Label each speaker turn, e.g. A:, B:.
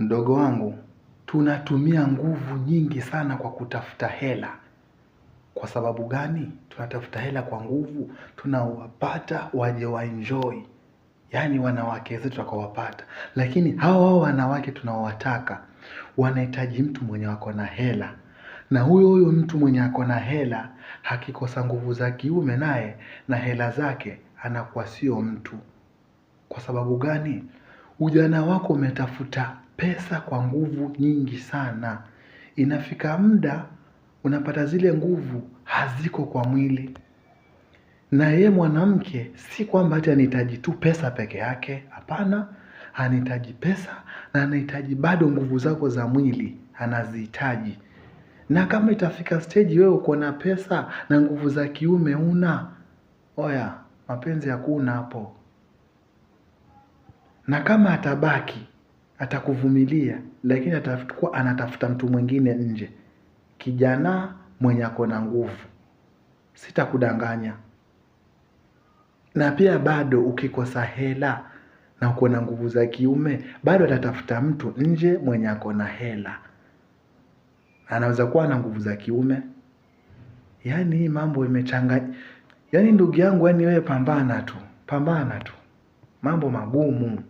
A: mdogo wangu, tunatumia nguvu nyingi sana kwa kutafuta hela. Kwa sababu gani? Tunatafuta hela kwa nguvu, tunawapata waje waenjoy, yaani wanawake zetu tukawapata. Lakini hao hao wanawake tunaowataka wanahitaji mtu mwenye wako na hela, na huyo huyo mtu mwenye ako na hela hakikosa nguvu za kiume naye na hela zake anakuwa sio mtu. Kwa sababu gani? ujana wako umetafuta pesa kwa nguvu nyingi sana, inafika muda unapata zile nguvu haziko kwa mwili. Na ye mwanamke si kwamba ati anahitaji tu pesa peke yake, hapana, anahitaji pesa na anahitaji bado nguvu zako za mwili anazihitaji. Na kama itafika steji wewe uko na pesa na nguvu za kiume una, oya, mapenzi hakuna hapo na kama atabaki atakuvumilia, lakini atakuwa anatafuta mtu mwingine nje, kijana mwenye ako na nguvu, sitakudanganya. Na pia bado ukikosa hela na uko na nguvu za kiume, bado atatafuta mtu nje mwenye ako na hela, anaweza kuwa na nguvu za kiume. Yaani hii mambo imechanga Yaani ndugu yangu, yani wewe pambana tu, pambana tu, mambo magumu.